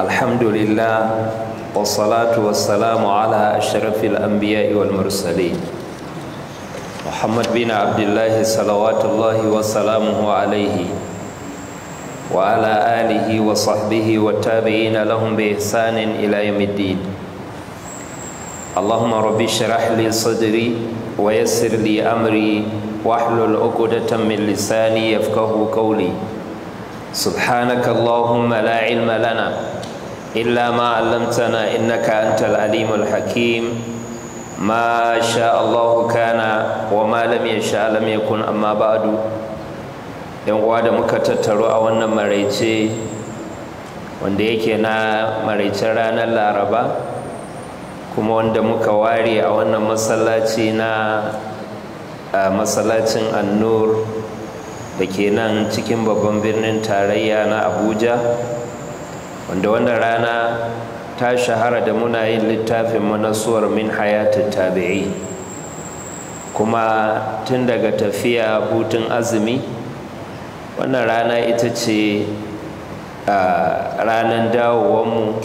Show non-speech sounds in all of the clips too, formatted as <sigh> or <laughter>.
alhamdulillah wasalatu wassalamu ala ashrafil anbiya'i wal mursalin muhammad bin abdullah salawatullahi wa salamuhu alayhi wa ala alihi wa sahbihi wa tabi'in lahum bi ihsanin ila yawmiddin allahumma rabbi shrah li sadri wa yassir li amri wa ahlul 'uqdatam min lisani yafkahu qawli سبحانك اللهم لا علم لنا إلا ما علمتنا إنك أنت العليم الحكيم ما شاء الله كان وما لم يشاء لم يكن أما بعد إن uwa da muka tattaro a wanda yake na maraicen ranar laraba kuma wanda muka ware a wannan masallaci na masallacin annur da ke nan cikin babban birnin tarayya na abuja wanda wannan rana ta shahara da muna yin littafin manasuwar min hayatun tabi'i kuma tun daga tafiya hutun azumi wannan rana ita ce a ranar dawowanmu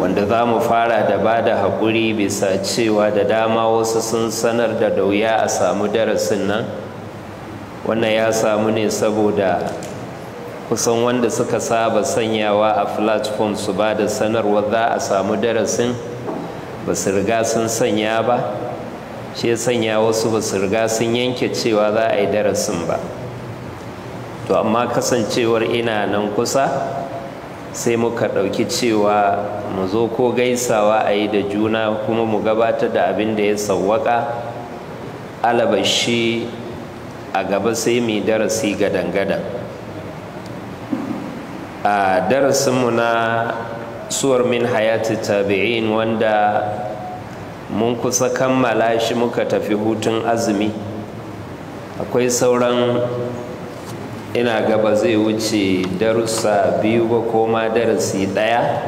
wanda za mu fara da ba da haƙuri bisa cewa da dama wasu sun sanar da dauya a samu darasin nan wannan ya samu ne saboda kusan wanda suka saba sanyawa a platform su ba da sanarwa za a samu darasin ba su riga sun sanya ba shi sanya wasu ba su riga sun yanke cewa za a yi darasin ba to amma kasancewar ina nan kusa sai muka ɗauki cewa mu zo ko gaisawa a yi da juna kuma mu gabatar da abin da ya sawwaka alabashi a gaba sai mu darasi gadan-gadan a darasinmu na suwar min hayati tabi'in wanda mun kusa kammala shi muka tafi hutun azumi akwai sauran ina gaba zai wuce darussa biyu ba koma darasi ɗaya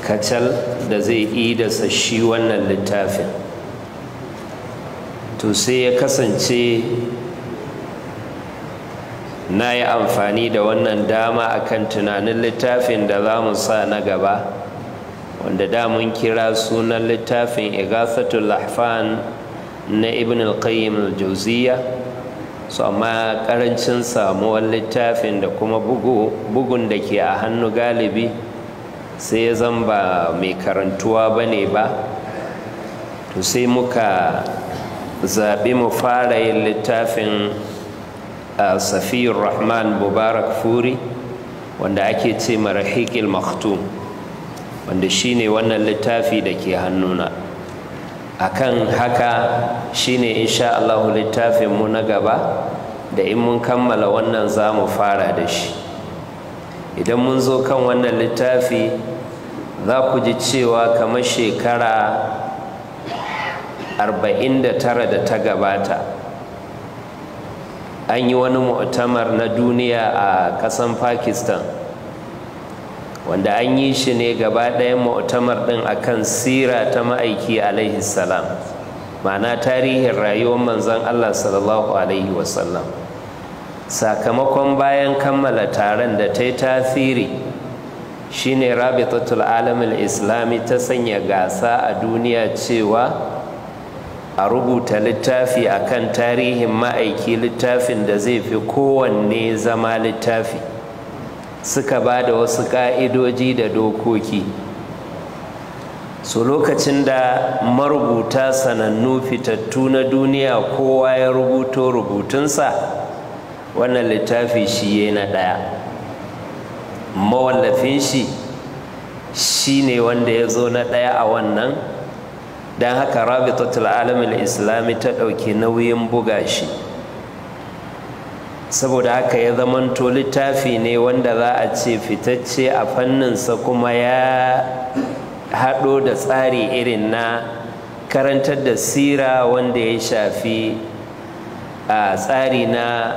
kacal da zai idasa shi wannan littafin to sai ya kasance na yi amfani da wannan dama akan tunanin littafin da za mu sa na gaba wanda da kira sunan littafin igathatul lahfan na ibn al-qayyim al-jawziya su amma karancin samuwar littafin da kuma bugun da ke a hannu galibi sai ya zamba mai karantuwa ba ne ba to sai muka zaɓi mu fara yin littafin a safiyar rahman mubarak furi wanda ake ce marahikil maktum wanda shine wannan littafi da ke hannuna akan haka shine insha Allah littafin mu na gaba da in mun kammala wannan za mu fara da shi idan mun zo kan wannan littafi za ku ji cewa kamar shekara arba'in da tara da ta gabata an yi wani mu'tamar na duniya a kasan pakistan wanda an yi shi ne gaba ɗayan mu'tamar ɗin akan sira ta ma'aiki alaihi salam ma'ana tarihin rayuwar manzan allah sallallahu alaihi wasallam sakamakon bayan kammala taron da ta yi tasiri shine rabitatul alamul islami ta sanya gasa a duniya cewa a rubuta littafi a kan tarihin ma'aiki littafin da zai fi kowanne zama littafi suka ba da wasu ƙa'idoji da dokoki su lokacin da marubuta sanannu fitattu na duniya kowa ya rubuto rubutunsa wannan littafi shi ya na ɗaya mawallafin shi shi ne wanda ya zo na ɗaya a wannan don haka rabitatul alamul islami ta ɗauki nauyin buga shi saboda haka ya zamanto littafi ne wanda za a ce fitacce a fanninsa kuma ya haɗo da tsari irin na karantar da sira wanda ya shafi a tsari na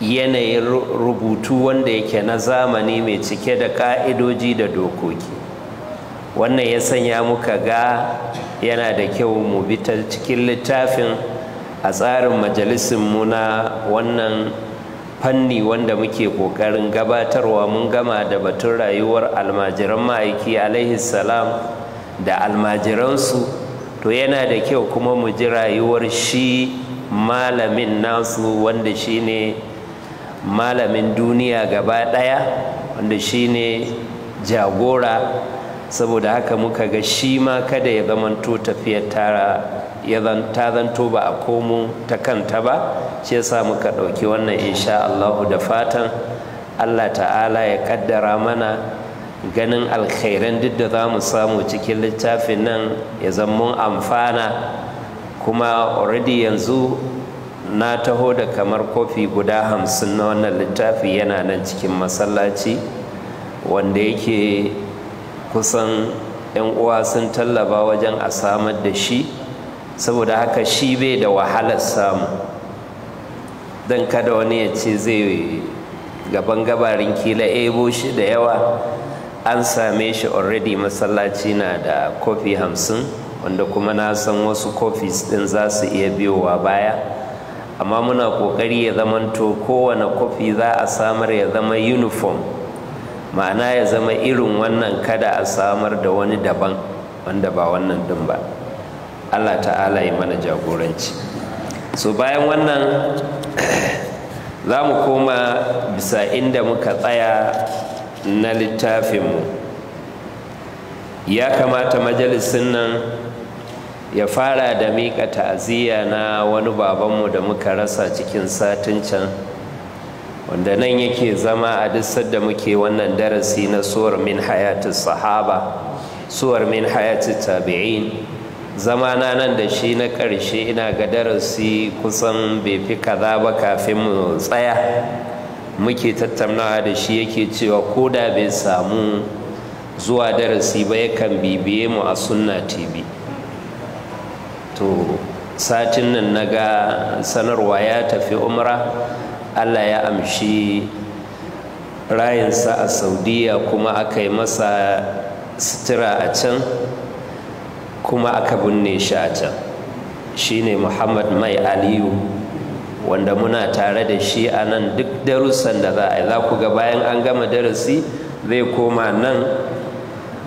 yanayin rubutu wanda yake na zamani mai cike da ƙa'idoji da dokoki wannan ya sanya muka ga yana da kyau mu bi ta cikin littafin a tsarin majalisinmu na wannan fanni wanda muke ƙoƙarin gabatarwa mun gama da batun rayuwar almajiran ma'aiki alaihi salam da almajiransu to yana da kyau kuma mu ji rayuwar shi malamin nasu wanda shi ne malamin duniya gaba ɗaya wanda shi ne jagora saboda haka muka ga shi ma kada ya zamanto tafiyar tara ya ta zanto ba a komo ta kanta ba shi ya sa muka ɗauki wannan insha Allahu da fatan Allah ta'ala ya ƙaddara mana ganin alkhairan duk da za mu samu cikin littafin nan ya zammun amfana kuma already yanzu na taho da kamar kofi guda hamsin na wannan littafi yana nan cikin masallaci wanda yake kusan 'yan uwa sun tallaba wajen a samar da shi saboda haka shi bai da wahalar samu don kada wani ya ce zai gaban gabarin kila ebo shi da yawa an same shi already masallaci na da kofi hamsin wanda kuma na san wasu kofis din za su iya biyowa baya amma muna ƙoƙari ya zamanto kowane kofi za a samar ya zama uniform ma'ana ya zama irin wannan kada a samar da wani daban wanda ba wannan din ba allah ta'ala yi mana jagoranci so bayan wannan <clears throat> za mu koma bisa inda muka tsaya na littafinmu ya kamata majalisin nan ya fara da miƙa ta'aziyya na wani babanmu da muka rasa cikin satin can wanda nan yake zama a duk da muke wannan darasi na suwar min hayatun sahaba suwar min hayatun tabi'in zama na nan da shi na ƙarshe ina ga darasi kusan bai fi kaza ba kafin mu tsaya muke tattaunawa da shi yake cewa ko da bai samu zuwa darasi ba yakan bibiye mu a sunna tv to satin nan na ga sanarwa ya tafi umra allah ya amshi rayinsa a saudiya kuma aka yi masa sutura a can kuma aka binne shi a can shine muhammad mai aliyu wanda muna tare da shi a nan duk darussan da za a yi za ku ga bayan an gama darasi zai koma nan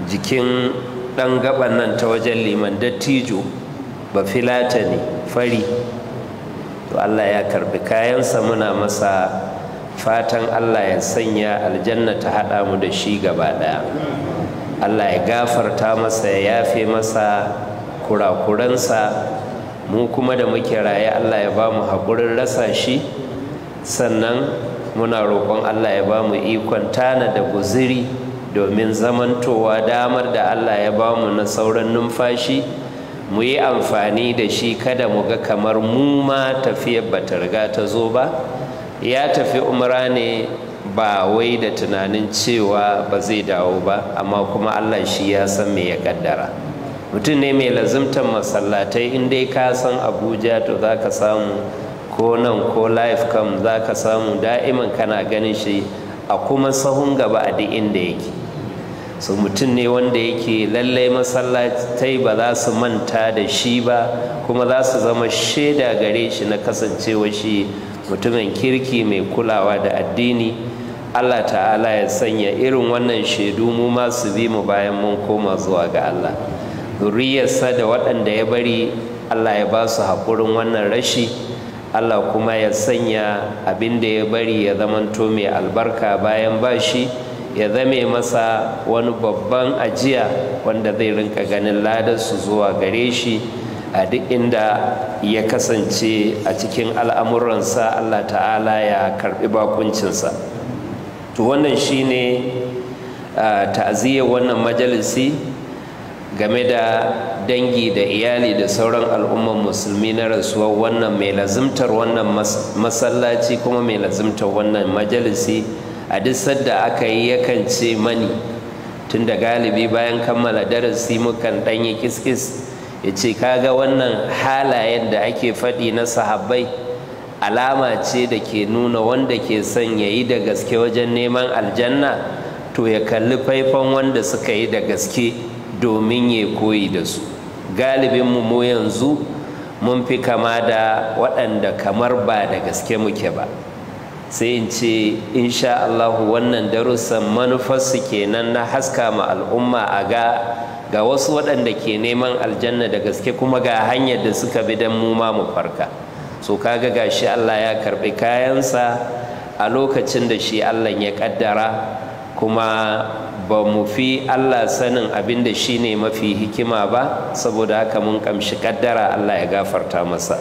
jikin ɗan gaban nan ta wajen liman dattijo ba filata ne fari to Allah ya karbi kayansa muna masa fatan Allah ya sanya aljanna ta haɗa mu da shi gaba ɗaya Allah ya gafarta masa ya yafe masa kurakuransa mu kuma da muke raye Allah ya ba mu hakurin rasa shi sannan muna roƙon Allah ya ba mu ikon tana da guziri domin zamantowa damar da Allah ya ba mu na sauran numfashi mu yi amfani da shi kada mu ga kamar mu ma tafiyar ba ta riga ta zo ba ya tafi umra ne ba wai da tunanin cewa ba zai dawo ba amma kuma allah shi ya san me ya kaddara mutum ne mai lazimtar masallatai in dai ka san abuja to za ka samu ko nan ko life kam za ka samu da'iman kana ganin shi a kuma sahun gaba a duk inda yake su mutum ne wanda yake lallai masallatai ba za su manta da shi ba kuma za su zama shaida gare shi na kasancewa shi mutumin kirki mai kulawa da addini allah ta'ala ya sanya irin wannan shaidu mu ma bi mu bayan mun koma zuwa ga allah zuriyarsa da waɗanda ya bari allah ya ba su haƙurin wannan rashi allah kuma ya sanya abin da ya bari ya zamanto mai albarka bayan ba shi ya zame masa wani babban ajiya wanda zai rinka ganin su zuwa gare shi a duk inda ya kasance a cikin al'amuransa Allah ta'ala ya karɓi bakuncinsa to wannan shi ne ta'aziyar wannan majalisi game da dangi da iyali da sauran al'umman musulmi na rasuwa wannan mai lazimtar wannan masallaci kuma mai lazimtar wannan majalisi a duk sadda aka yi yakan ce mani tun da galibi bayan kammala darasi mukan ɗanyi kiskis ya ce kaga wannan halayen da ake faɗi na sahabbai alama ce da ke nuna wanda ke son ya yi da gaske wajen neman aljanna to ya kalli faifan wanda suka yi da gaske domin ya koyi da su galibinmu mu yanzu mun fi kama da waɗanda kamar ba da gaske muke ba sai in ce insha Allah wannan darussan manufarsu kenan na haska ma al'umma a ga ga wasu waɗanda ke neman aljanna da gaske kuma ga hanyar da suka bi don mu ma mu farka so kaga shi Allah ya karɓi kayansa a lokacin da shi Allah ya ƙaddara kuma ba mu fi Allah sanin abin da shi ne mafi hikima ba saboda haka mun ƙamshi ƙaddara Allah ya gafarta masa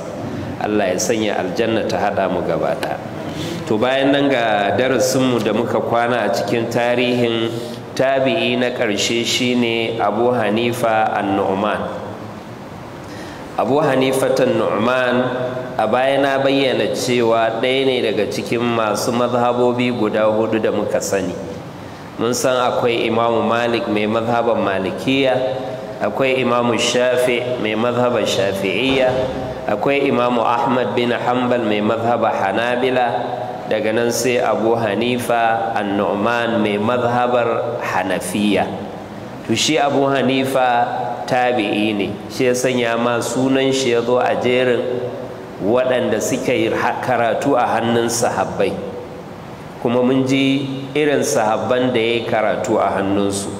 Allah ya sanya aljanna ta haɗa mu gaba ɗaya to bayan nan ga darasinmu da muka kwana a cikin tarihin tabi'i na ƙarshe shine abu hanifa annu'man abu hanifa nu'man a baya na bayyana cewa ɗaya ne daga cikin masu mazhabobi guda hudu da muka sani mun san akwai imamu malik mai mazhaban malikiya akwai imamu shafi mai mazhaban shafi'iyya akwai imamu ahmad bin hanbal mai mazhaban hanabila daga nan sai abu hanifa annu'man mai mazhabar hanafiya to shi abu hanifa tabi'i ne shi ya sanya ma sunan shi ya zo a jerin waɗanda suka yi karatu a hannun sahabbai kuma mun ji irin sahabban da ya yi karatu a hannunsu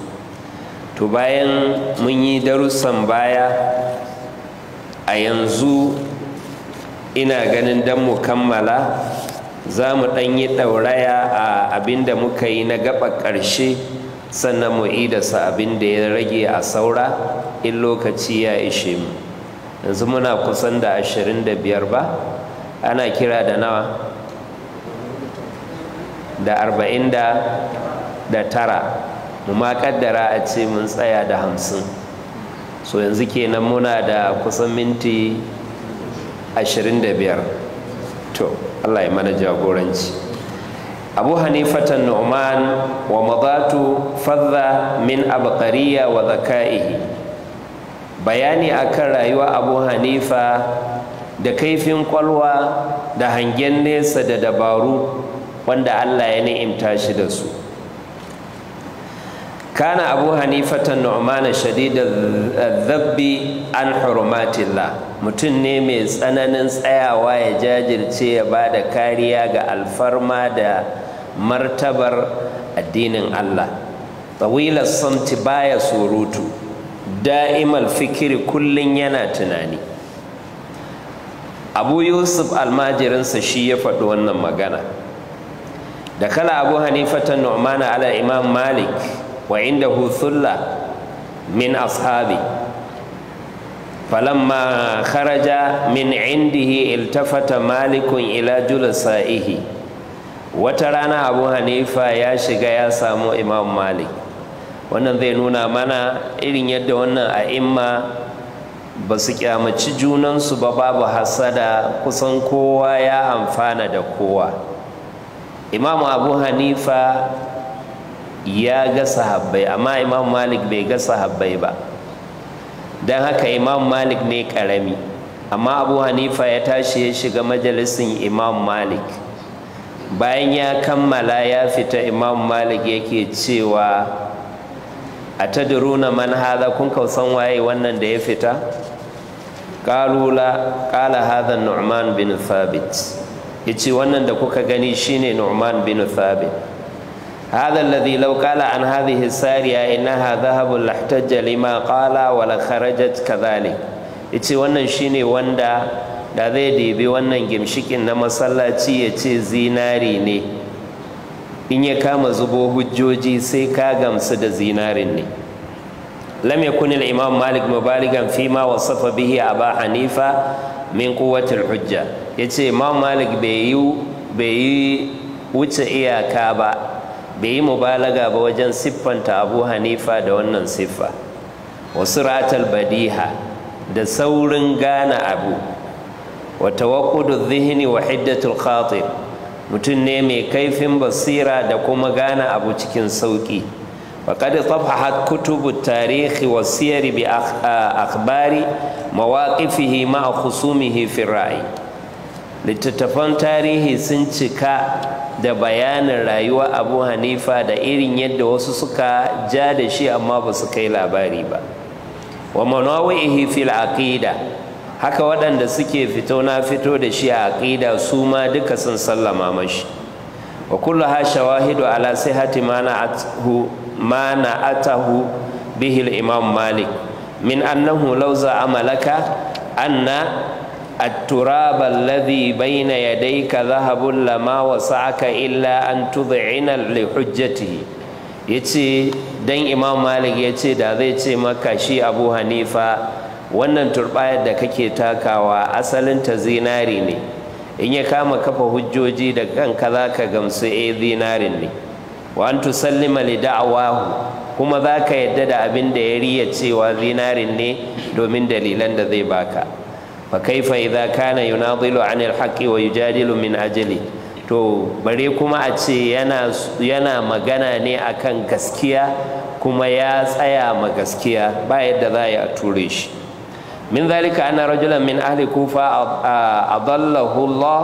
to bayan mun yi darussan baya a yanzu ina ganin don mu kammala za mu ɗan yi ɗauraya a abin da muka yi na gaba ƙarshe sannan mu idasa abin da ya rage a saura in lokaci ya ishe mu yanzu muna kusan da ashirin da biyar ba ana kira da nawa da arba'in da tara mu ma kaddara a ce mun tsaya da hamsin so yanzu kenan muna da kusan minti ashirin da biyar to Allah ya mana jagoranci abu hanifatan nu'man wa madatu fadda min abqariya wa zaka'ihi bayani akan rayuwa abu hanifa da kaifin kwalwa da hangen nesa da dabaru wanda Allah ya ni'imta shi da su kana abu hanifata nu'mana shadidar zabbi an hurumatillah mutum ne mai tsananin tsayawa ya jajirce ya ba da kariya ga alfarma da martabar addinin allah tawilar samti baya surutu da'imal fikiri kullum yana tunani abu yusuf almajirinsa shi ya faɗi wannan magana da kala abu hanifatan nu'mana ala imam malik wa indahu thulla min ashabi falamma kharaja min indihi iltafata malikun ila sa'ihi. wata rana abu hanifa ya shiga ya samu imam malik wannan zai nuna mana irin yadda wannan a'imma ba su kyamaci junansu ba babu hasada kusan kowa ya amfana da kowa Imam abu hanifa ya ga sahabbai amma imam malik bai ga sahabbai ba don haka imam malik ne karami amma abu hanifa ya tashi ya shiga majalisin imam malik bayan ya kammala ya fita imam malik yake cewa a taduruna man haza kun kausan waye wannan da ya fita kalula kala haza nu'man bin thabit ya ce wannan da kuka gani shine nu'man bin thabit هذا الذي لو قال عن هذه السارية إنها ذهب لاحتج لما قال ولا خرجت كذلك yace wannan shine wanda da zai dibi wannan gimshikin na masallaci yace ce zinari ne in ya kama zubo hujjoji sai ka gamsu da zinari ne lam yakun al-imam malik mubaligan fima ma wasafa bihi aba hanifa min quwwati al-hujja yace imam malik bai yi wuce iyaka ba bai yi mubalaga ba wajen siffanta abu hanifa da wannan siffa wasu ratal badiha da saurin gane abu wata waƙudu zihini wa hiddatul khatir mutum ne mai kaifin basira da kuma gane abu cikin sauƙi faƙad tafahat kutubu tarihi wa siyari bi akhbari mawaƙifihi ma'a khusumihi fi ra'ayi littattafan tarihi sun cika da bayanin rayuwa abu hanifa da irin yadda wasu suka ja da shi amma ba su kai labari ba wa manawi'ihi fil aqida haka waɗanda suke fito na fito da shi a aqida su ma duka sun sallama mashi wa ha shawahidu ala sihati ma na'athu bihi imam malik min annahu lauza amalaka anna التراب الذي بين يديك ذهب لما وسعك إلا أن تضعن لحجته yace dan imam malik yace da zai ce maka shi abu hanifa wannan turbayar da kake takawa asalinta zinari ne in ya kama kafa hujjoji da kanka za ka gamsu eh zinarin ne wa an tusallima da'awahu kuma za ka yadda da abin da ya riya cewa zinarin ne domin dalilan da zai baka فكيف إذا كان يناضل عن الحق ويجادل من ajali to bare kuma a ce yana magana ne akan gaskiya kuma ya tsaya ma gaskiya ba yadda za a ture shi min zalika ana rajulan min ahli kufa adallahu Allah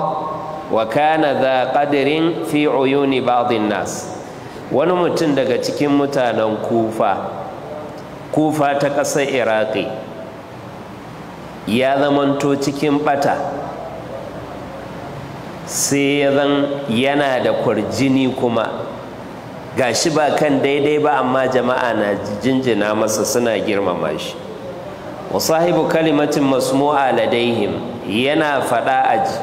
wa kana za qadirin fi uyuni ba'dhin nas wani mutum daga cikin mutanen kufa kufa ta ƙasar iraqi ya zamanto cikin bata sai ya zan yana da kwarjini kuma gashi ba kan daidai ba amma jama'a na jinjina masa suna girmama shi wa sahibu kalimatin masmu'a ladaihim yana faɗa aji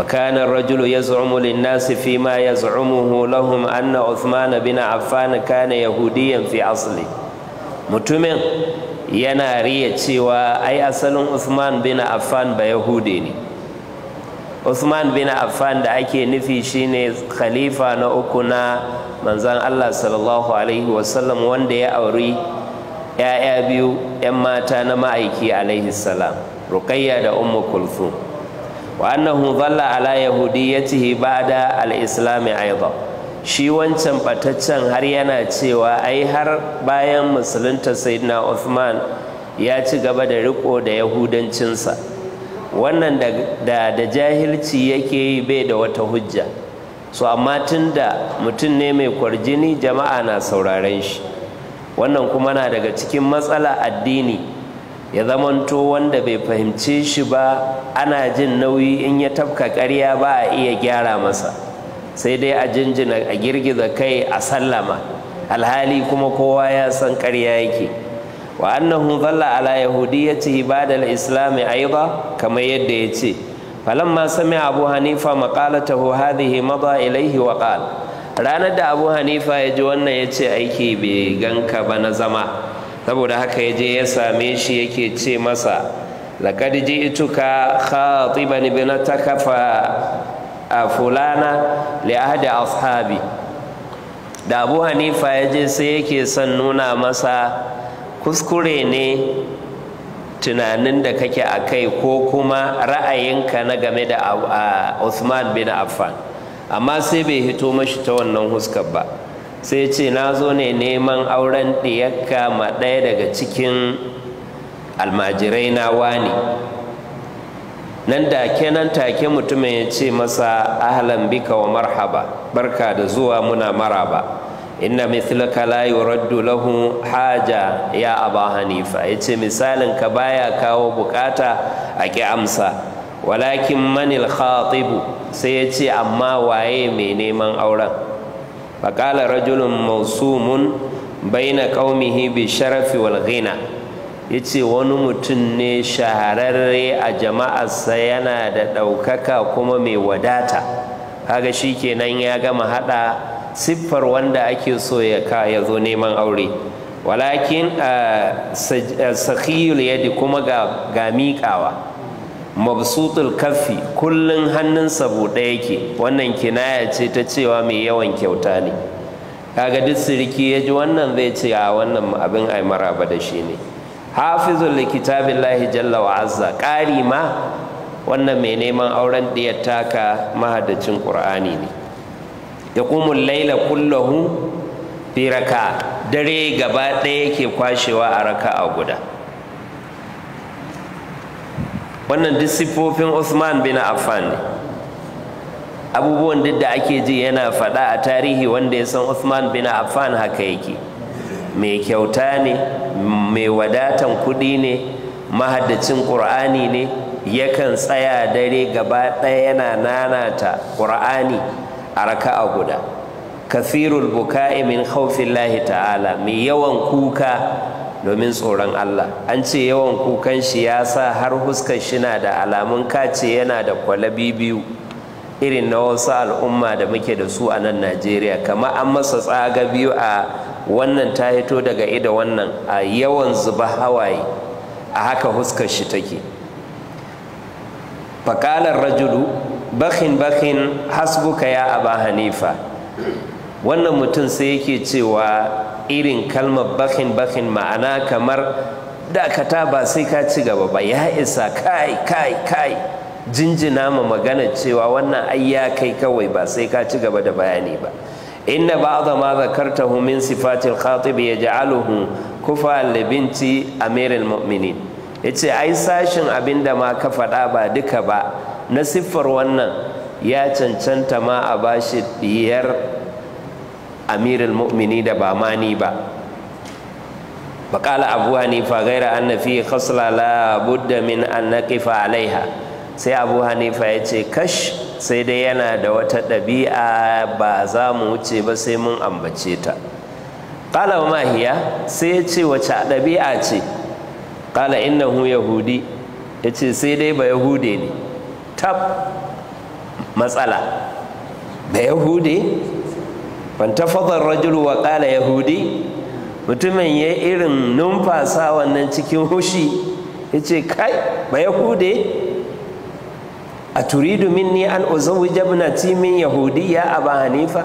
wa kana rajulu yaz'umu lin-nasi fi ma yaz'umuhu lahum anna Uthman bin Affan kana yahudiyan fi asali. mutumin yana riya cewa ai asalin Usman bin Affan ba Yahude ne Usman bin Affan da ake nufi shine khalifa na uku na manzan Allah sallallahu alaihi wasallam wanda ya auri ‘ya'ya biyu ‘yan mata na ma'aiki alaihi salam Rukayya da Ummu Kulthum wa annahu dhalla ala yahudiyyatihi ba'da al-islam aidan shi wancan bataccen har yana cewa ai har bayan musulunta sayyidina Uthman ya ci gaba da riko da yahudancinsa wannan da da jahilci yake yi bai da wata hujja so amma da mutum ne mai kwarjini jama'a na sauraren shi wannan kuma na daga cikin matsala addini ya zamanto wanda bai fahimce shi ba ana jin nauyi in ya tafka karya ba a iya gyara masa sai dai a jinjina a girgiza kai a sallama alhali kuma kowa ya san ƙarya yake wa annahu dhalla ala yahudiyyatihi ba'da al-islam aidan kamar yadda yace ma sami abu hanifa maqalatahu hadhihi mada ilayhi wa qala ranar da abu hanifa ya ji wannan ya ce aiki bai ganka ba na zama saboda haka ya je ya same shi yake ce masa laƙad ji ituka khatiban ta kafa. a fulana li ashabi da abu hanifa ya je sai yake son nuna masa kuskure ne tunanin da kake a kai ko kuma ra'ayinka na game da Usman bin Affan amma sai bai hito mashi ta wannan huskar ba sai ce na zo ne neman auren ɗiyakka ma ɗaya daga cikin almajirai na wani nan da nan take mutumin ya ce masa ahlan bika wa marhaba barka da zuwa muna maraba inna mithlaka la yuraddu lahu haja ya aba hanifa yace misalin ka baya kawo bukata a ki amsa walakin manil khatibu sai yace amma waye mai neman auren faqala rajulun mawsumun baina qaumihi bi sharafi wal ghina ya ce wani mutum ne shahararre a jama'arsa yana da ɗaukaka kuma mai wadata haga shi kenan ya gama haɗa siffar wanda ake so ya zo neman aure walakin sakhiyul yadi kuma ga miƙawa mabsutul kaffi kullun hannunsa buɗe yake wannan kinaya ce ta cewa mai yawan kyauta ne kaga duk siriki ya ji wannan zai ce a wannan abin aimara ba da shi ne hafizul lahi jalla wa azza ƙari ma wannan mai neman auren ɗiyar taka mahadacin ƙur'ani ne ya kuma laila kullahu fi raka dare gaba ɗaya yake kwashewa a raka a guda wannan duk siffofin Usman bin Affan ne abubuwan duk da ake ji yana faɗa a tarihi wanda ya san Usman bin Affan haka yake mai kyauta ne mai wadatan kuɗi ne mahaddacin ƙur'ani ne yakan tsaya dare gaba ɗaya yana nanata ƙur'ani a raka'a guda kafirul buka'i min lahi ta'ala mai yawan kuka domin tsoron Allah an ce yawan kukan shi ya sa har huskar shi na da alamun kace yana da kwalabi biyu irin na wasu al'umma da muke da su a nan Najeriya kamar an masa tsaga biyu a wannan ta hito daga ida wannan a yawan zuba hawaye a haka huskar shi take faƙalar rajulu bakin bakin hasbuka ya aba hanifa wannan mutum sai yake cewa irin kalmar bakin bakin ma'ana kamar dakata ba sai ka ci gaba ba ya isa kai kai kai jinjina ma magana cewa wannan ai kai kawai ba sai ka ci gaba da bayani ba inna ba'dha ma zakartahu min sifatil khatib yaj'aluhu kufa li binti amiril mu'minin yace ai sashin abinda ma ka faɗa ba duka ba na siffar wannan ya cancanta ma a bashi diyar amirul mu'mini da ba mani ba Baƙala abu Hanifa gaira أن fi خصلة لا بد من أن sai abu hanifa ya ce kash sai dai yana da wata ɗabi'a ba za mu wuce ba sai mun ambace ta ƙala mahiya sai ya ce wace ɗabi'a ce ƙala innahu yahudi ya ce sai dai ba yahude ne tab matsala ba yahude ban fadar rajulu wa ƙala yahudi mutumin ya irin numfasa wannan cikin hushi ya ce kai ba yahude A domin minni an uzawwija ibnati min yahudiyya aba hanifa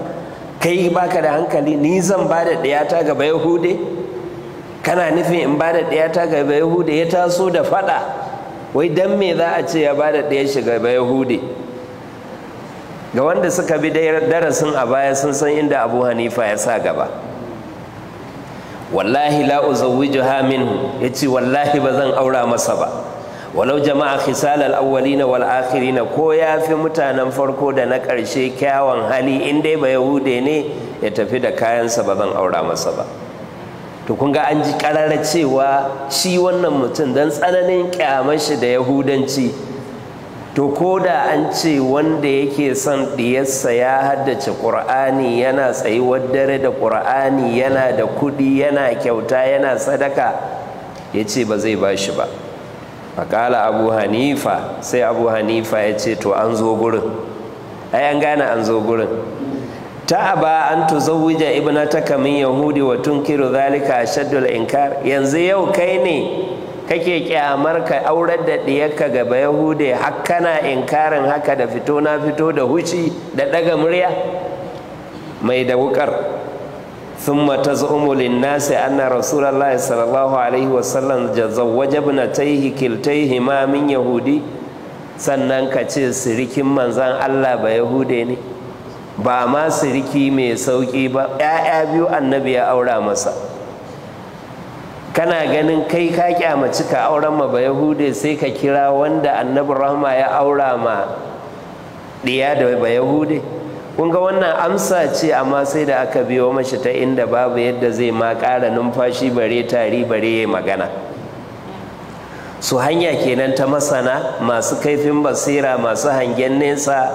kai baka da hankali ni zan ba da ɗiyata ga yahude kana nufin in ba da ɗiyata ga yahude ya taso da faɗa wai dan me za a ce ya ba da ɗaya shi ga yahude ga wanda suka bi darasin a baya sun san inda abu hanifa ya sa gaba wallahi la uzawwijuha minhu yace wallahi ba zan aura masa ba walau jama'a khisal al wal akhirin ko ya fi mutanen farko da na ƙarshe kyawun hali in dai ba yahude ne ya tafi da kayansa ba zan aura masa ba to kun ga an ji karara cewa shi wannan mutum dan tsananin kyamar shi da yahudanci to ko da an ce wanda yake son diyarsa ya haddace qur'ani yana tsayuwar dare da qur'ani yana da kuɗi yana kyauta yana sadaka yace ba zai ba shi ba faƙala abu hanifa sai abu hanifa ya ce to an zo gurin ai an gane an zo gurin ta ba an ibna ibnataka min yahudi wa tunkiru zalika ashaddul inkar yanzu yau kai ne kake kyamar ka aurar da diyarka gaba yahudi har kana inkarin haka da fito na fito da huci da daga murya mai da wukar ثم تزعم للناس أن رسول الله صلى الله عليه وسلم زوج ابنتيه كلتيهما من يهودي sannan ka ce sirikin manzan Allah ba Yahude ne ba ma siriki mai sauƙi ba ‘ya'ya biyu annabi ya aura masa kana ganin kai ka kyamaci ka auren ma ba Yahude sai ka kira wanda annabi rahma ya aura ma ɗiya da ba Yahude kun ga wannan amsa ce amma sai da aka biyo mashi ta inda babu yadda zai ma ƙara numfashi bare tari bare ya magana su hanya kenan ta masana masu kaifin basira masu hangen nesa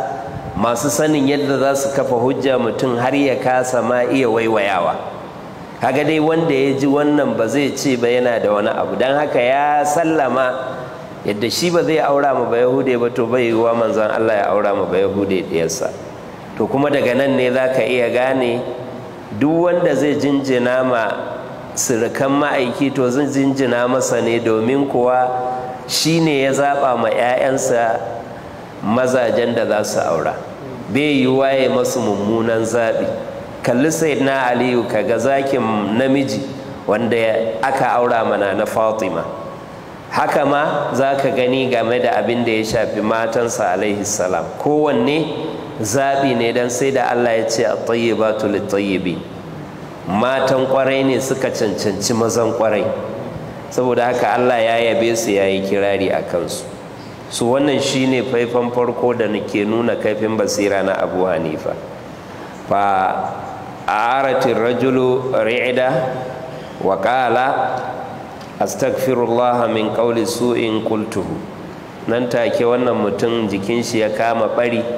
masu sanin yadda za su kafa hujja mutum har ya kasa ma iya waiwayawa kaga dai wanda ya ji wannan ba zai ce ba yana da wani abu don haka ya sallama yadda shi ba zai aura mu ba yahude ba to bai yiwuwa manzon Allah ya aura ma ba yahude ɗiyarsa to kuma daga nan ne za ka iya gane duk wanda zai jinjina ma sirikan ma'aiki to zai jinjina masa ne domin kuwa shi ne ya zaɓa ma 'ya'yansa mazajen da za su aura bai yi waye masu mummunan zaɓi kalli sai na aliyu ga zakin namiji wanda aka aura mana na fatima haka ma za ka gani game da abin da ya shafi matansa alaihi salam kowanne zaɓi ne don sai da Allah ya ce a tayyibatu littayyibi matan ƙwarai ne suka cancanci mazan ƙwarai saboda haka Allah ya yabe su ya yi kirari a kansu su wannan shi ne faifan farko da nake nuna kaifin basira na abu hanifa fa a aratin rajulu ri'ida wa ƙala astaghfirullah min qawli su'in kultuhu nan take wannan mutum jikin shi ya kama ɓari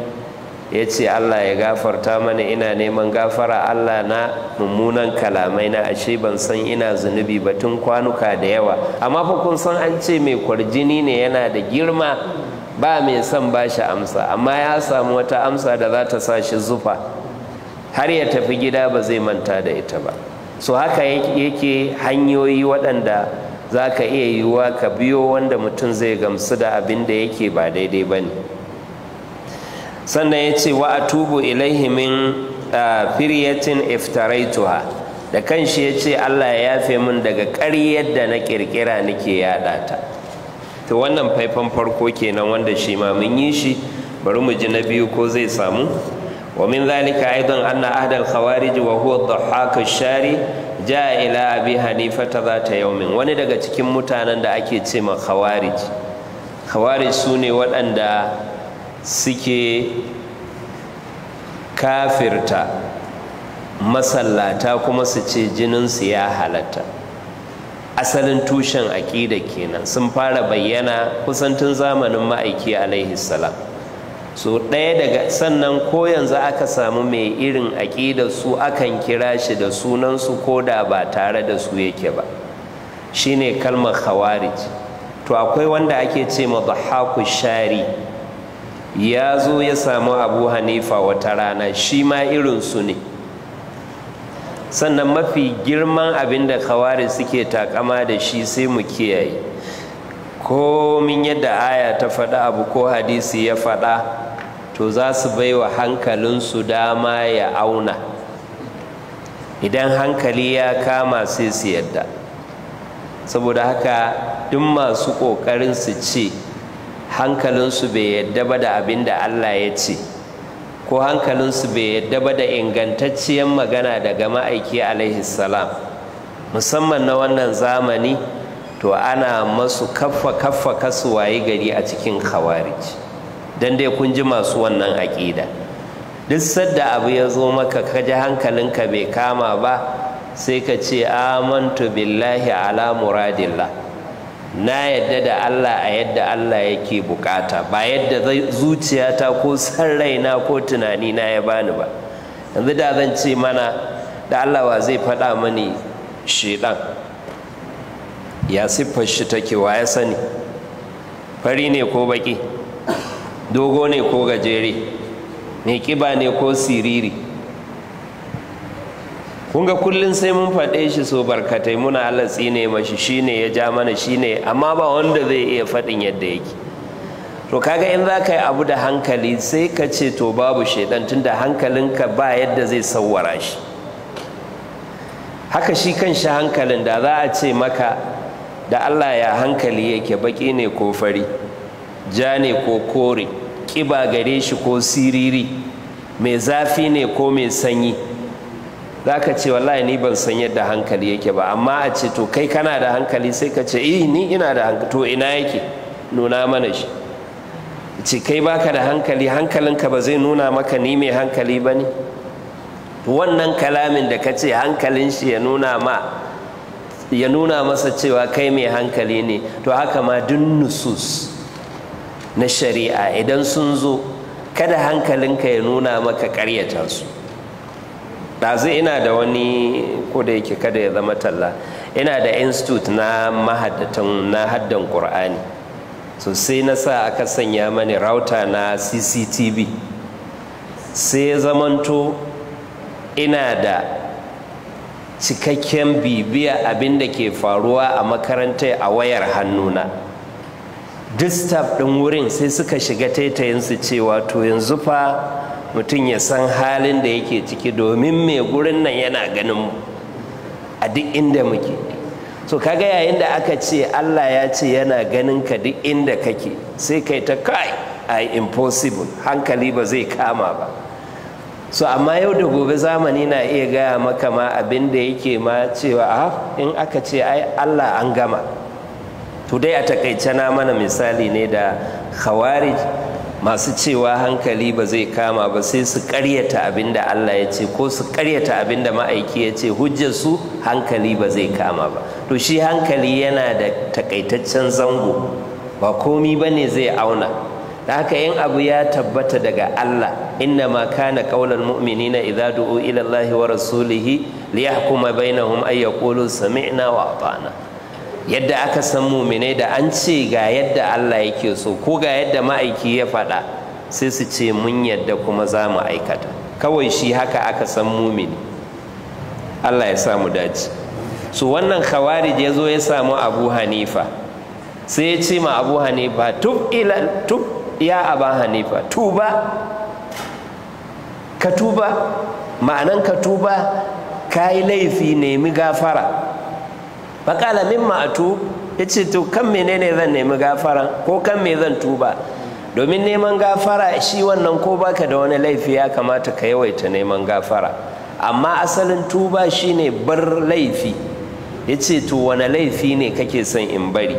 ya ce allah ya gafarta mana ina neman gafara allah na mummunan kalamai na ashe ban san ina zunubi batun kwanuka da yawa amma fa kun san an ce mai kwarjini ne yana da girma ba mai son ba shi amsa amma ya samu wata amsa da za ta sa shi zufa har ya tafi gida ba zai manta da ita ba so haka yake hanyoyi waɗanda za ka iya yiwuwa ka biyo wanda mutum zai gamsu da abin da yake ba daidai ba ne sannan ya ce wa a tubu ilaihimin ah, firiyatin iftaraituha da kan shi ya ce Allah ya yafe min daga ƙaryar da na ƙirƙira nake yaɗa ta ta wannan faifan farko kenan wanda shi ma mun yi shi bari mu ji na biyu ko zai samu ومن ذلك أيضا أن أحد الخوارج وهو الضحاك الشاري جاء إلى أبي حنيفة ذات يوم wani daga cikin mutanen da ake ce ma khawarij khawarij sune waɗanda suke kafirta masallata kuma su ce jininsu ya halatta asalin tushen aƙida kenan sun fara bayyana kusan zamanin ma'aiki alaihi salam so ɗaya daga sannan ko yanzu aka samu mai irin aƙida su akan kira shi da sunansu ko da ba tare da su yake ba shine kalmar khawarij to akwai wanda ake ce ma dhahaku shari ya zo ya samu abu hanifa wata rana shi ma irinsu ne sannan mafi girman abin da kawari suke takama da shi sai mu kiyaye komin yadda aya ta faɗa abu ko hadisi ya faɗa to za su bai wa hankalinsu dama ya auna idan hankali ya kama sai su yadda saboda haka duk masu ƙoƙarin su ce hankalinsu bai yadda ba da abin da Allah ya ce ko hankalinsu bai yadda ba da ingantacciyar magana daga ma'aiki alaihi salam musamman na wannan zamani to ana masu kaffa kaffa kasuwaye gari a cikin khawarij dan dai kun ji masu wannan aƙida duk sadda abu ya zo maka ka ji hankalinka bai kama ba sai ka ce amantu billahi ala muradillah na yadda da Allah a yadda Allah yake bukata ba yadda zuciyata ko san raina ko tunani na ya bani ba yanzu da zan ce mana da Allah wa zai faɗa mani shedan ya siffar shi take wa ya sani fari ne ko baki dogo ne ko gajere mai kiba ne ko siriri kun ga kullum sai mun faɗe shi so barkatai muna Allah tsine mashi shine ya ja mana shine amma ba wanda zai iya faɗin yadda yake to kaga in za ka yi abu da hankali sai ka ce to babu shaidan da hankalinka ba yadda zai sauwara shi haka shi kan shi hankalin da za a ce maka da Allah ya hankali yake baki ne ko fari ja ne ko kore ƙiba gare shi ko siriri mai zafi ne ko mai sanyi za ka ce wallahi ni ban san yadda hankali yake ba amma a ce to kai kana da hankali sai ka ce eh ni ina da hankali to ina yake nuna mana shi ce kai baka da hankali hankalinka ba zai nuna maka ni mai hankali ba ne wannan kalamin da ka ce hankalin shi ya nuna ma ya nuna masa cewa kai mai hankali ne to haka ma duk nusus na shari'a idan sun zo kada hankalinka ya nuna maka ƙaryata su ɗazu ina da wani ko yake kada ya zama talla ina da institute na mahaddatan na haddan ƙur'ani so sai na sa aka sanya mani rauta na cctv sai ya zamanto ina da cikakken bibiya abinda ke faruwa a makaranta a wayar hannuna duk ɗin wurin sai suka shiga taitayinsu cewa to yanzu fa mutum ya san halin da yake ciki domin mai gurin nan yana ganin mu a duk inda muke so kaga yayin da aka ce allah ya ce yana ganin ka duk inda kake sai kai ta kai a impossible hankali ba zai kama ba so amma yau da gobe zamani na iya gaya maka ma abin da yake ma cewa a ah, in aka ce ai allah an gama to dai a takaice na mana misali ne da khawarij masu cewa hankali ba zai kama ba sai su karyata abin da Allah ya ce ko su karyata abin da ma'aiki ya ce hujjar su hankali ba zai kama ba to shi hankali yana da takaitaccen zango ba komi ba ne zai auna da haka yin abu ya tabbata daga Allah inna ma kana qaulal mu'mini na du'u ila Allah wa rasulihi kuma bainahum ay sami'na wa abana. yadda aka san muminai da an ce ga yadda Allah yake so ko ga yadda ma'aiki ya faɗa sai su ce mun yadda kuma za mu aikata kawai shi haka aka san mumine. Allah ya samu dace su wannan khawarij ya zo ya samu abu hanifa sai ya ce ma abu hanifa tub ila tub ya abu hanifa tuba ka tuba ma'anan ka tuba ka yi laifi nemi gafara faƙala min ma'atu ya ce to kan menene zan nemi gafara ko kan me zan tuba domin neman gafara shi wannan ko baka da wani laifi ya kamata ka yawaita neman gafara amma asalin tuba shi ne bar laifi ya ce to wani laifi ne kake son in bari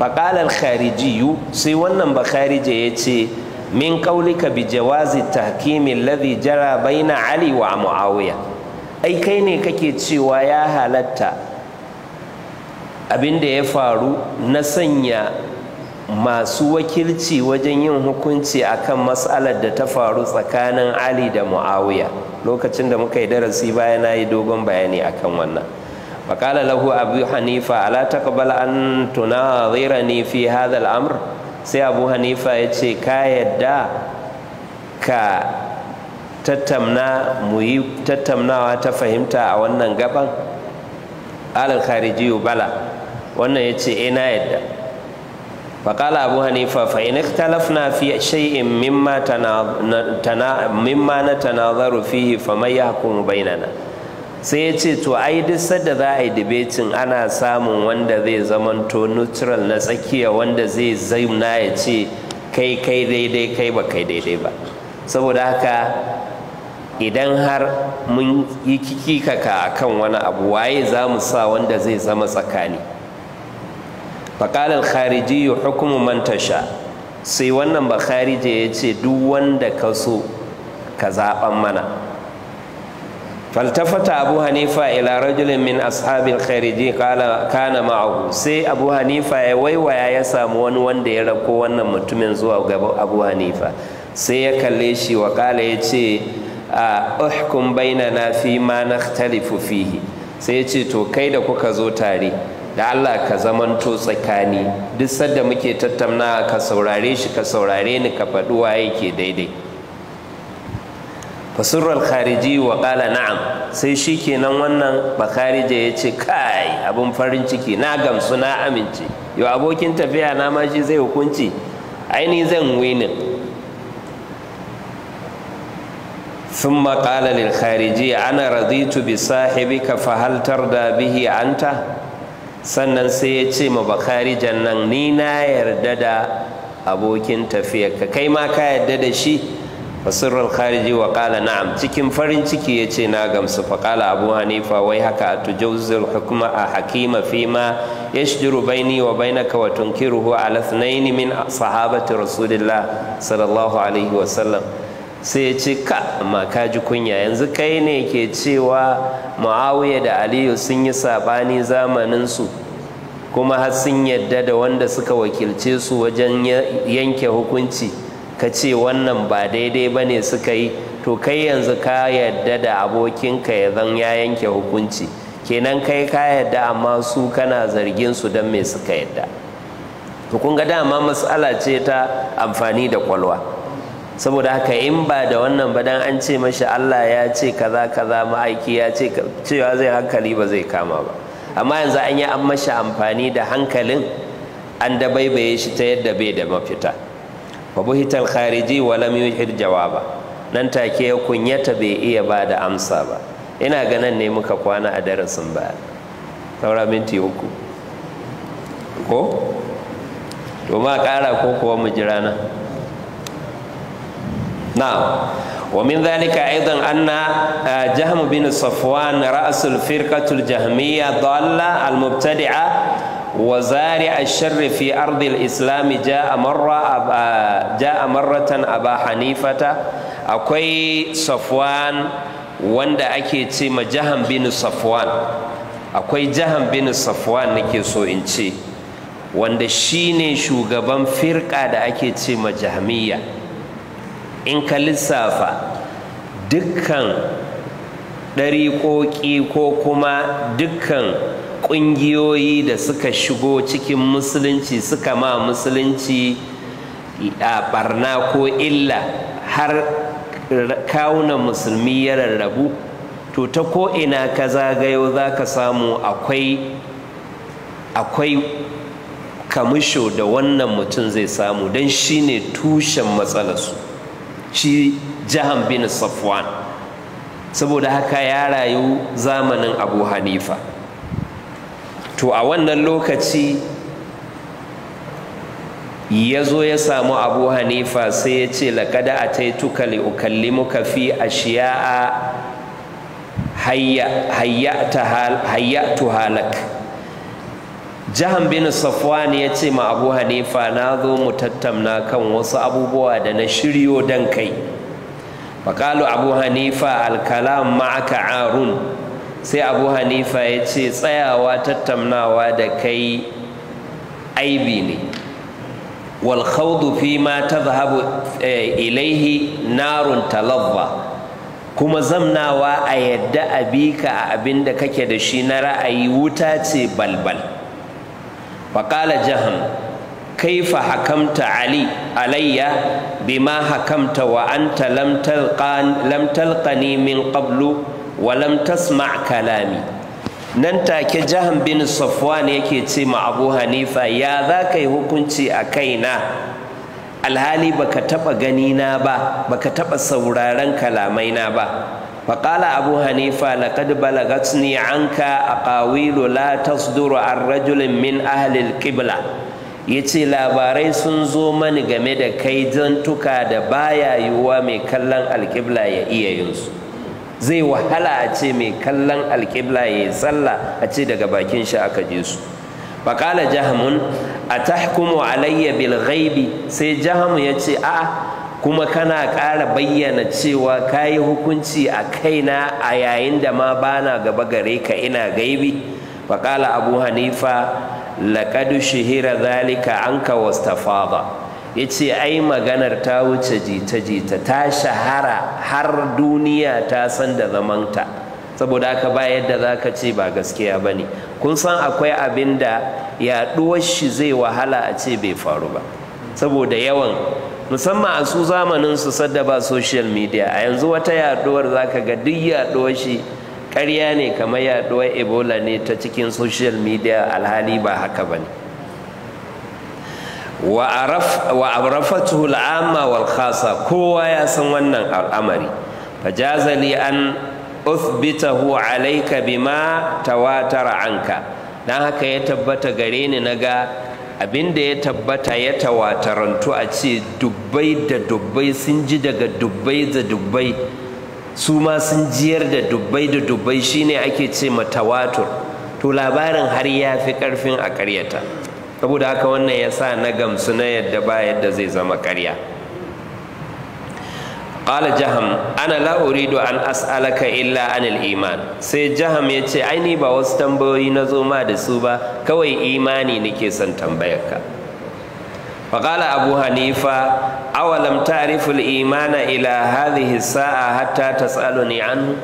khariji yu sai wannan ba khariji ya ce min ƙaulika bi jawazi tahkimin ladhi jara baina ali wa muawiya ai kai ne kake cewa ya halatta abin da ya faru na sanya masu wakilci wajen yin hukunci akan matsalar da ta faru tsakanin ali da mu'awiya lokacin da muka yi darasi bayan na yi dogon bayani akan wannan فقال له أبو حنيفة ألا تقبل أن تناظرني في هذا الأمر sai abu hanifa ya ce ka yadda ka tattamna mu yi tattamnawa ta fahimta a wannan gaban alal bala wannan ya ce ina eh, yadda faƙala abu hanifa fa na ikhtalafna fiye shay'in mimma mimma na tanazaru fihi fa may bainana sai ya ce to ai duk sadda za a yi debating ana samun wanda zai zamanto neutral na tsakiya wanda zai na ya ce kai kai daidai kai ba kai daidai ba saboda haka idan har mun yi kikikaka akan wani abu waye za mu sa wanda zai zama tsakani faƙalar khariji hukumu mantasha sai wannan ba kharije ya ce duk wanda ka so ka zaɓan mana faltafata abu hanifa ila rajulin min ashabil khariji kana ma'ahu sai abu hanifa ya waiwaya ya samu wani wanda ya rako wannan mutumin zuwa gaba abu hanifa sai ya kalle shi wa kala ya ce a uhkum bainana fi ma nakhtalifu fihi sai ya ce to kai da kuka zo tare da Allah ka zamanto tsakani duk sadda muke tattauna ka saurare shi ka saurare ni ka faɗi wa ke daidai fasurral khariji wa qala na'am sai shi kenan wannan bakharije ya ce kai abun farin ciki na gamsu na amince yau abokin tafiya na ma shi zai hukunci aini zan winin ثم ana razitu bi sahibi ka fahaltar da bihi anta sannan sai ya ce ma bakari jannan ni na yarda da abokin tafiya ka kai ma ka yarda da shi fasirul khariji wa kala na'am cikin farin ciki ya ce na gamsu fa kala abu hanifa wai haka atujawzul hukuma a hakima fima yashjuru baini wa bainaka wa tunkiruhu ala thnaini min sahabati rasulillah sallallahu alaihi wa sallam sai ya ce ka amma ka ji kunya yanzu kai ne ke cewa ma'awiya da aliyu sun yi sabani zamaninsu kuma har sun yadda da wanda suka wakilce su wajen yanke hukunci ka ce wannan ba daidai ba ne suka yi to kai yanzu ka yadda da abokinka ya zan ya yanke hukunci kenan kai ka yadda amma su kana zargin su don me suka yadda to kun ga dama matsala ce ta amfani da kwalwa saboda haka in ba da wannan ba dan an ce mashi Allah ya ce kaza kaza ma'aiki ya ce cewa zai hankali ba zai kama ba amma yanzu an yi an mashi amfani da hankalin an dabaibaye shi ta yadda bai da mafita fa buhital khariji wa lam yuhir jawaba nan take ya kunyata bai iya ba da amsa ba ina ganin ne muka kwana a darasin ba saura minti uku ko to ma kara ko kuwa mu jira nan Nah, wa min dhalika aidan anna uh, Jahm bin Safwan ra'sul firqatul Jahmiyah dhalla al-mubtadi'a wa zari asy-syarr fi ardil Islam jaa marra uh, aba Hanifata akwai Safwan wanda ake ce ma Jahm bin Safwan akwai Jahm nake so in ce wanda shine shugaban firqa da ake ce ma Jahmiyah in ka lissafa dukkan ɗariƙoƙi ko kuma dukkan ƙungiyoyi da suka shigo cikin musulunci suka ma musulunci a barna ko illa har kawunan musulmi ya rarrabu to ta ko'ina ka zagayo za ka samu akwai akwai kamisho da wannan mutum zai samu don shi ne tushen matsalarsu shi jahan bin safwan saboda haka ya rayu zamanin abu hanifa to a wannan lokaci ya zo ya samu abu hanifa sai ya ce laƙada a taituka muka fi ashiya'a hayyatu halak jahan bin safwan ya ce ma abu hanifa na zo mu tattauna kan wasu abubuwa da na shiryo dan kai faƙalu abu hanifa alkalam ma'aka arun sai abu hanifa ya ce tsayawa tattaunawa da kai aibi ne wal fi ma tadhhabu eh, ilaihi narun talabba kuma zamnawa a yadda abika a abin da kake da shi na ra'ayi wuta ce balbal فقال جهم kaifa hakamta علي alayya bima hakamta wa لم تلقان لم min qablu wa ولم تسمع كلامي nan take jahan bin safwan yake ce ma abu hanifa ya za ka yi hukunci a kaina alhali baka taɓa ganina ba baka taɓa kalamai na ba فقال أبو حنيفة لقد بلغتني عنك أقاويل لا تصدر عن رجل من أهل القبلة yace labarai sun zo mani game da kai tuka da baya yiwuwa mai kallon alƙibla ya iya zai wahala a ce mai kallon alƙibla ya yi sallah a ce daga bakin shi aka je su faƙala jahamun a tahkumu alayya bil ghaibi sai jahamu ya ce a'a kuma kana ƙara bayyana cewa ka yi hukunci a kaina a yayin da ma bana gaba gare ka ina gaibi faƙala abu hanifa laƙadu shihira zalika an ka ya ce ai maganar ta wuce jita-jita ta shahara har duniya ta san da zamanta saboda haka ba yadda za ka ce ba gaskiya ba ne kun san akwai abin da yaɗuwar shi zai wahala a ce bai faru ba saboda yawan musamman a su zamanin su sadda ba social media a yanzu wata yaduwar zaka ga duk yaduwar shi karya ne kamar yaduwar ebola ne ta cikin social media alhali ba haka ba ne wa arafatu al'amma wal khasa kowa ya san wannan al'amari fajazali an uthbitahu alayka bima tawatara anka dan haka ya tabbata gare ni naga abinda ya tabbata ya tawatarantu a ce dubbai da dubbai sun ji daga dubbai da dubbai su ma sun jiyar da dubbai da dubbai shine ake ce ma tawatur to labarin har ya fi karfin a karyata saboda haka wannan ya sa na gamsu na yadda ba yadda zai zama karya qala jaham ana la uridu an as'alaka illa anil iman sai jaham ya ce ai ni ba wasu tambayoyi na zo ma da su ba kawai imani nake son tambayarka faƙala abu hanifa awalam ta'riful imana ila hadhihi sa'a hatta tas'aluni anhu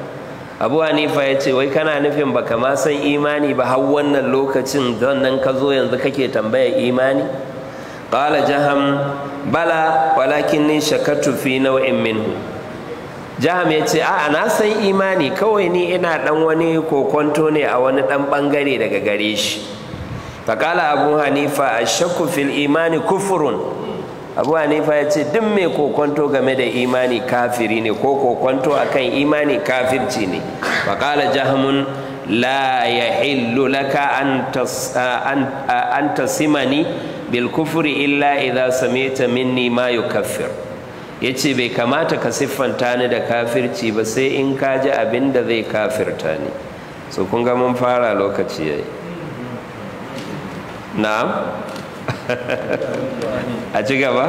abu hanifa ya ce wai kana nufin baka ma san imani ba har wannan lokacin nan ka zo yanzu kake tambayar imani qala jaham bala walakin ni shakatu fi nau'in minhu jaham ya ce a'a na san imani kawai ni ina dan wani kokonto ne a wani dan bangare daga gare shi fakala abu hanifa a shakku fil imani kufurun abu hanifa ya ce duk mai kokonto game da imani kafiri ne ko kokonto akan imani kafirci ne fakala jahamun la ya laka an tasimani bil kufuri illa idza samita minni ma yukaffir yace bai kamata ka siffanta ni da kafirci ba sai in ka ji abin da zai kafirta ni so kun ga mun fara lokaci yayi na'am <laughs> a ci gaba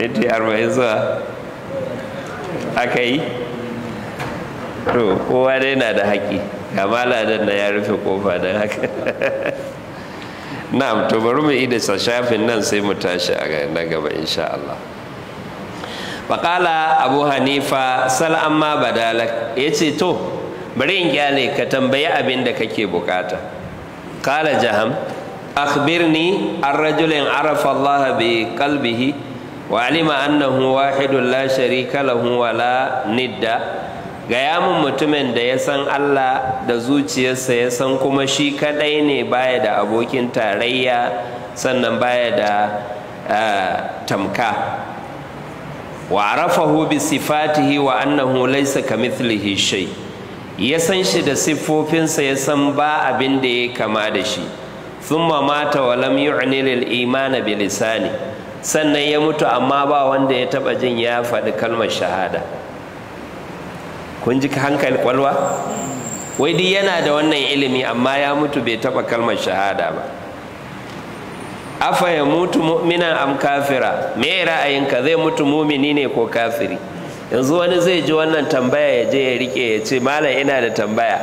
minti arba'in zuwa aka yi to kowa dai na da haƙi ga maladan na ya rufe kofa don haka <laughs> na'am to bari mu ida shafin nan sai mu tashi a na gaba insha Allah faƙala abu hanifa sal amma badalak ya ce to bari in gyale ka tambayi abin da kake bukata kala jaham akhbirni an rajulin arafa Allah bi qalbihi wa alima annahu wahidun la sharika lahu wa la nidda gayamin yamin mutumin da ya san Allah da zuciyarsa ya san kuma shi kadai ne baya da abokin tarayya sannan baya da tamka wa arafahu bi sifatihi wa annahu laysa kamithlihi shay ya san shi da siffofinsa ya san ba abin da ya kama da shi thumma mata wa lam yu'ni lil imana bi lisani sannan ya mutu amma ba wanda ya taba jin ya faɗi kalmar shahada kun ji hankali kwalwa wai duk yana da wannan ilimi amma ya mutu bai taba kalmar shahada ba afa ya mutu mu'mina am kafira me ra'ayinka zai mutu mumini ne ko kafiri yanzu wani zai ji wannan tambaya ya je ya rike ya ce malam ina da tambaya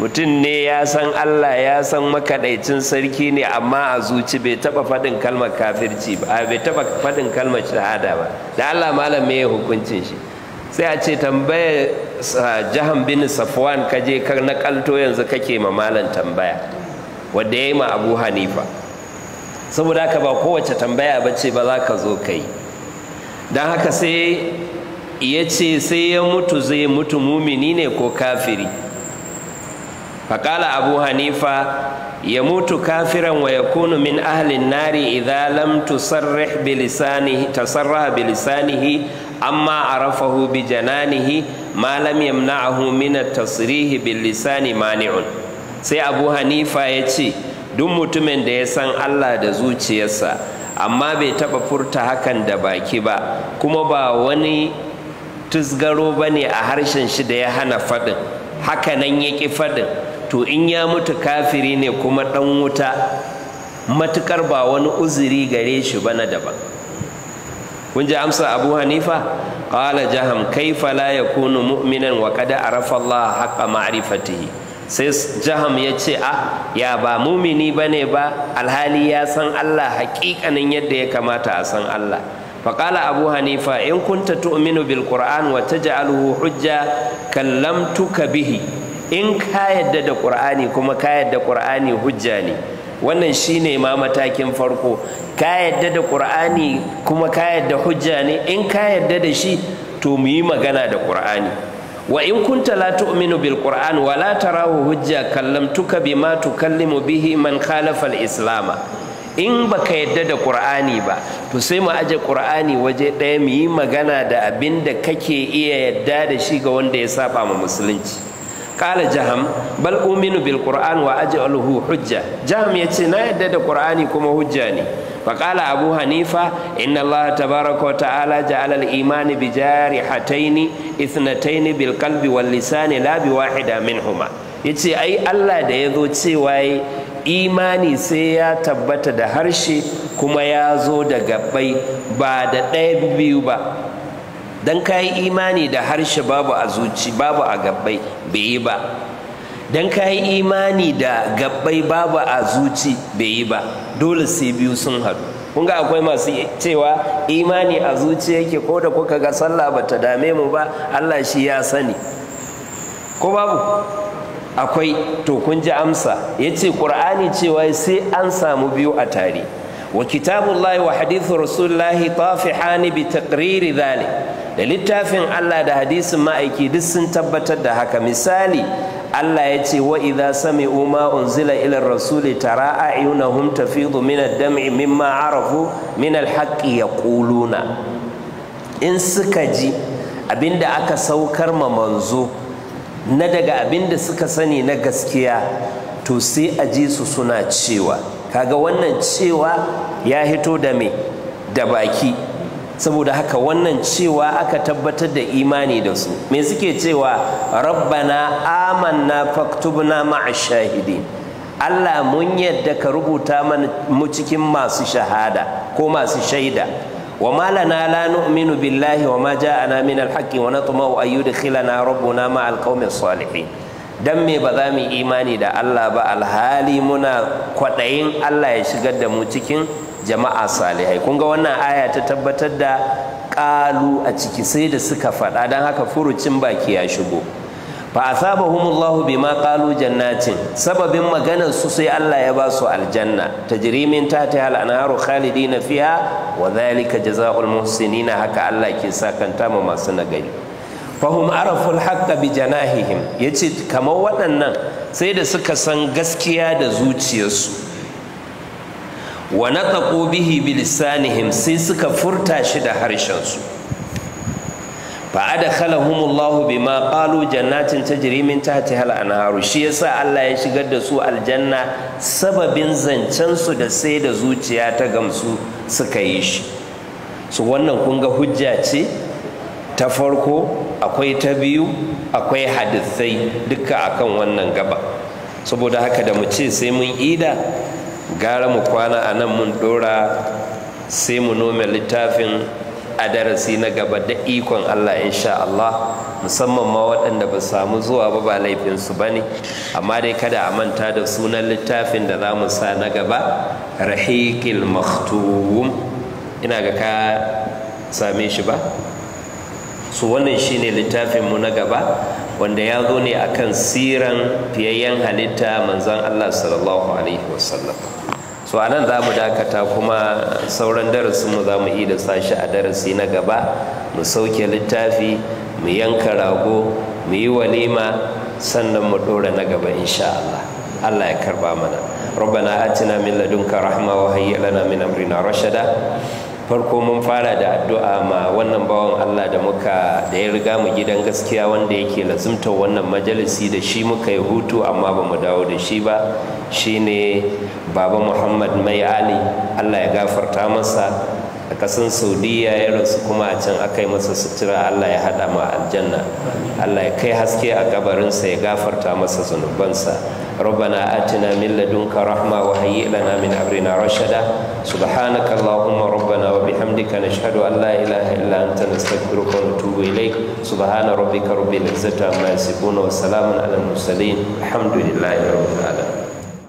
mutum ne ya san Allah ya san makadaicin sarki ne amma a zuci bai taba faɗin kalmar kafirci ba bai taba faɗin kalmar shahada ba da Allah malam me ya hukuncin shi sai a ce tambaya jahan bin safwan ka je kar na kalto yanzu kake ma malam tambaya wanda ya yi ma abu hanifa saboda haka ba kowace tambaya ba ce ba za ka zo ka yi don haka sai ya ce sai ya mutu zai mutu mumini ne ko kafiri faƙala abu hanifa ya mutu kafiran wa ya kunu min ahlin nari idan lam tusarrih bilisanihi tasarraha bilisanihi amma arafahu bi jananihi ma lam yamna'ahu min at-tasrih bil lisani mani'un sai Abu Hanifa ya ce duk mutumin da ya san Allah da zuciyarsa amma bai taba furta hakan da baki ba kuma ba wani tusgaro bane a harshen shi da ya hana faɗin hakanan ya ki faɗin to in ya mutu kafiri ne kuma ɗan wuta matukar ba wani uzuri gare shi ba na daban kun ji amsa abu hanifa qala jaham kaifa la kunu mu'minan wa qad arafa Allah haqqa ma'rifatihi sai jaham ya ce a ah, ya ba mumini bane ba alhali ya san Allah haƙiƙanin yadda ya kamata a san Allah faƙala abu hanifa in kunta tu'minu bil qur'an wa taj'aluhu hujja kallamtuka bihi in ka yadda da qur'ani kuma ka yadda qur'ani hujja ne wannan shine ma matakin farko ka yadda da ƙur'ani kuma ka yadda hujja ne in ka yadda da shi to mu yi magana da ƙur'ani wa in kunta la tu'minu bil qur'an wa la tarahu hujja Kallam tuka bima tukallimu bihi man khalafa al islam in baka yadda da ƙur'ani ba to sai mu aje ƙur'ani waje ɗaya mu yi magana da abin da kake iya yadda da shi ga wanda ya saba ma musulunci kala jaham bal uminu bil qur'an wa aj'aluhu hujja jaham yace na yadda da qur'ani kuma hujja ne فقال أبو حنيفة إن الله تبارك وتعالى جعل الإيمان بجارحتين إثنتين بالقلب واللسان لا بواحدة منهما يتسي أي الله دي ذو zo cewa imani sai ya tabbata da harshe kuma ya zo da gabbai ba da ɗaya biyu ba don ka imani da harshe babu a zuci babu a gabbai bai yi ba dan ka yi imani da gabbai babu a zuci bai yi ba dole sai biyu sun haɗu kun ga akwai masu cewa imani a zuci yake ko da kuka ga sallah ba ta dame mu ba Allah shi ya sani ko babu akwai to kun ji amsa ya ce ƙur'ani cewa sai an samu biyu a tare wa kitabullahi wa hadithu rasulullahi hani bi taqriri dhalik da littafin Allah da hadisin ma'aiki duk sun tabbatar da haka misali Allah ya ce wa idza sami'u ma unzila ila rasuli tara a'yunahum tafidu min ad-dam'i mimma arafu min al-haqqi yaquluna in suka ji abinda aka saukar ma manzo na daga abinda suka sani na gaskiya to sai a ji su suna cewa kaga wannan cewa ya hito da me da baki saboda haka wannan cewa aka tabbatar da imani da su me suke cewa rabbana amanna faktubna ma'a shahidi Allah mun yadda ka rubuta mu cikin masu shahada ko masu shaida wa malana la nu'minu billahi wa ma ja'ana min alhaqqi wa natma'u an yudkhilana rabbuna ma alqawmi salihin dan me ba za mu imani da Allah ba alhali muna kwadayin Allah ya shigar da mu cikin jama'a salihai kun ga wannan aya ta tabbatar da ƙalu a ciki sai da suka faɗa don haka furucin baki ya shigo fa asabahumullahu bima qalu jannatin sababin maganar su sai Allah ya ba su aljanna tajri min tahtiha al-anharu khalidina fiha wa dhalika jazaa'ul na haka Allah ke sakanta ma masu nagari fahim araful haqqa bi janahihim yace kamar waɗannan sai da suka san gaskiya da zuciyarsu wa nataqu bihi bilisanihim sai suka furta shi da harshensu fa adkhalahumullahu bima qalu jannatin ta min tahtiha al-anharu shi yasa Allah ya shigar da su aljanna sababin zancen su da sai da zuciya ta gamsu suka yi shi su wannan kun ga hujja ce ta farko akwai ta biyu akwai hadisai duka akan wannan gaba saboda haka da mu ce sai mun ida gara mu kwana a nan mun dora sai mu nome littafin a darasi na gaba da ikon Allah insha Allah musamman ma waɗanda ba samu zuwa ba ba laifinsu ba ne amma dai kada a manta da sunan littafin da za mu sa na gaba rahikil makhtum ina ga ka same shi ba su wannan shine littafinmu na gaba wanda ya zo ne a kan siran fiyayyen halitta manzan Allah sallallahu alaihi wasallam so anan za mu dakata kuma sauran darasin mu za mu yi da sashi a darasi na gaba mu sauke littafi mu yanka rago mu yi walima sannan mu dora na gaba insha Allah Allah ya karba mana ربنا آتنا من لدنك رحمة وهيئ لنا من أمرنا رشدا farko mun fara da addu'a ma wannan bawan Allah da muka da ya riga mu gidan gaskiya wanda yake lazumtar wannan majalisi da shi muka yi hutu amma ba mu dawo da shi ba Shi ne baba Muhammad Mai Ali Allah ya gafarta masa a kasan saudiya ya rasu kuma a can aka yi masa sutura Allah ya haɗa ma aljanna Allah ya kai haske a kabarinsa ya gafarta masa zunubansa ربنا آتنا من لدنك رحمة وهيئ لنا من أمرنا رشدا سبحانك اللهم ربنا وبحمدك نشهد أن لا إله إلا أنت نستغفرك ونتوب إليك سبحان ربك رب العزة عما يصفون وسلام على المرسلين الحمد لله رب العالمين